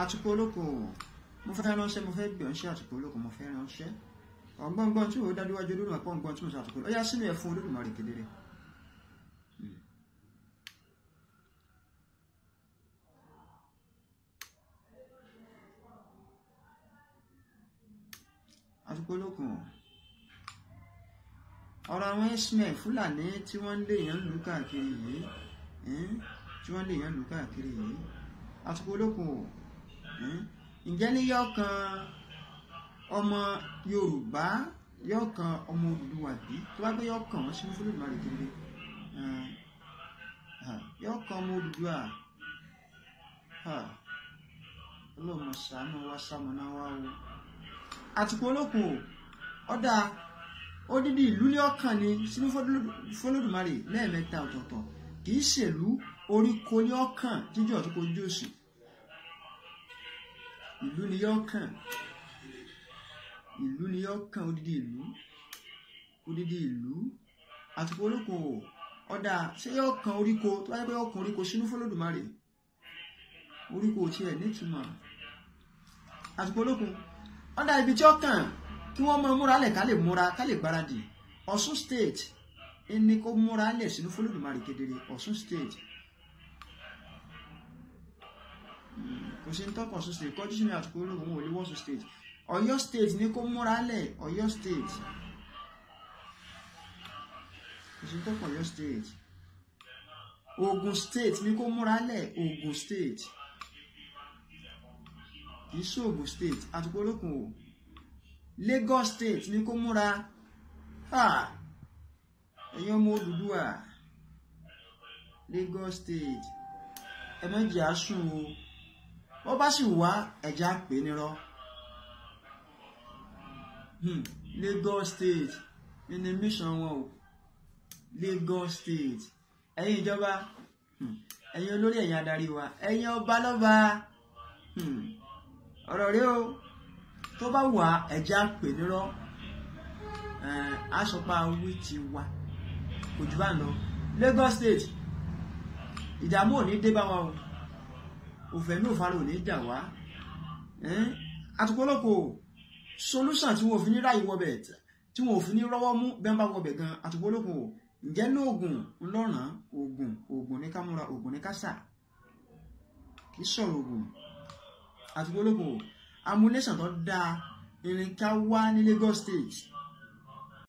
àtùpó olóko mo fẹ́ ránṣẹ́ mo fẹ́ gbìyànṣẹ́ àtùpó olóko mo fẹ́ ránṣẹ́ ọgbọ́ngbọ́n tí mo dájú wájú olódùmarè pọ́ngbọ́n tí mo ṣàtùpó ó yá sínú ẹ̀ fún olódùmarè kedere. àtùpó olóko ọ̀rọ̀ àwọn ismail fúlàní tí wọ́n ń lé èèyàn lù káàkiri yìí hmm, tí wọ́n ń lé èèyàn lù káàkiri yìí àtùpó olóko ǹjẹ́ ní yọ kan ọmọ Yorùbá yọ kan ọmọ Odùduwà bí tó bá gbé yọ kan wọn sínú fúlùmọ́ rẹ̀ kéré yọ kan ọmọ Odùduwà ọlọ́mọ ṣàánú wa ṣamọ̀nà wa o àtìkù olókùn ọ̀dà odidi ìlú ní ọkàn ni sínú fọlọ́dúnmarè lẹ́ẹ̀mẹ́ta ọ̀tọ̀ọ̀tọ̀ kì í ṣèlú orí kò ní ọkàn jíjọ́ tó kojú òsì ìlú ni yọ kàn ìlú ni yọ kàn odidi ìlú odidi ìlú àtùpọ̀ olókoòwò ọ̀dà ṣé yọ kàn oríko tó bá yẹ pé yọ kàn oríko sínú fọlọ́dùmarè oríko tiẹ̀ nítumọ̀ àtùpọ̀ olókun ọ̀dà ibi tí ó kàn kí wọ́n máa múra lẹ̀ ká lè múra ká lè gbáradì Ọ̀ṣun state ẹni kó múra lẹ̀ sínú fọlọ́dùmarè kedere Ọ̀ṣun state. Hmm kò sí ní tọ́ Ọ̀ṣun state kọ́díṣìnì àtúkúrú òun ò lè wọ́sùn state Ọ̀yọ́ state ní kó múra lẹ̀ Ọ̀yọ́ state kò sí ní state Ògùn state ní kó múra lẹ̀ Ògùn state kì í ṣe Ògùn state àtúkúrú òkun o Lagos state ní kó múra ẹ̀yin ọmọ Odùduwà Lagos state ẹ má jẹ́ àsùn o wọ́n bá sì wá ẹ̀já pè nírọ́ hmm, Lagos State ní mission wọn o Lagos State ẹ̀yin ìjọba hmm, ẹ̀yin olórí ẹ̀yin adarí wa ẹ̀yin ọba lọ́ba hmm, ọ̀rọ̀ rẹ o tó bá wà ẹ̀já pè nírọ́ eh, aṣọpa wí ti wa kò jù bá ń lọ Lagos State ìdààmú ò ní dé bá wa o òfẹ̀mí òfarò ní dà wá àtùpọ̀lọpọ̀ solution tí wọ́n fi ní ráyè wọbẹ̀ tí wọ́n fi ní rọ́wọ́ mú bẹ́ńbà wọbẹ̀ gan àtùpọ̀lọpọ̀ ǹjẹ́ ní ogun? ńlọ́ràn oògùn oògùn ní kámúra oògùn ní kásà kì í sọ̀rọ̀ oògùn àtùpọ̀lọpọ̀ amúlẹ́sàn tó dáa irin ká wá ní Lagos State